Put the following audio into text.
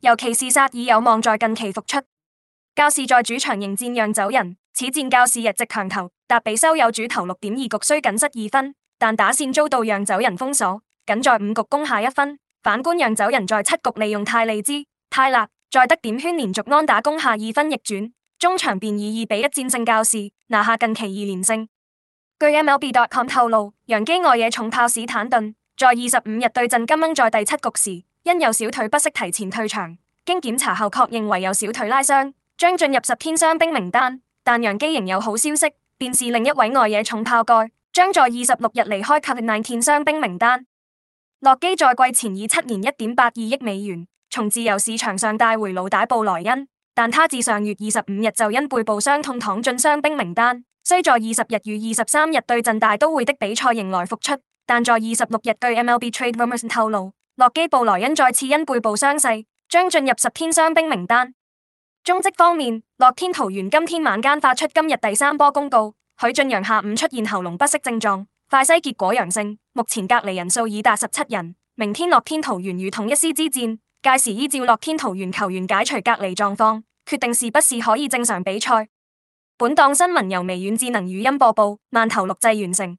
尤其是薩爾有望在近期復出。教士在主場迎戰讓走人，此戰教士日直強投，達比修有主投六點二局，雖僅失二分，但打線遭到讓走人封鎖，僅在五局攻下一分。反觀讓走人在七局利用泰利茲、泰勒在得點圈連續安打攻下二分逆轉，中場便以二比一戰勝教士，拿下近期二連勝。據 MLB.com 透露，洋基外野重炮史坦頓在二十五日對陣金鶯在第七局時。因右小腿不適提前退場，經檢查後確認為右小腿拉傷，將進入十天傷兵名單。但楊基仍有好消息，便是另一位外野重炮蓋將在二十六日離開及難天傷兵名單。洛基在季前以七年一點八二億美元從自由市場上帶回老大布萊恩，但他自上月二十五日就因背部傷痛躺進傷兵名單，雖在二十日與二十三日對陣大都會的比賽迎來復出，但在二十六日據 MLB Trade Rumors 透露。洛基布萊恩再次因背部傷勢將進入十天傷兵名單。中職方面，樂天桃園今天晚間發出今日第三波公告，許晉陽下午出現喉嚨不適症狀，快篩結果陽性，目前隔離人數已達十七人。明天樂天桃園與統一獅之戰，屆時依照樂天桃園球員解除隔離狀況，決定是不是可以正常比賽。本檔新聞由微軟智能語音播報，慢頭錄製完成。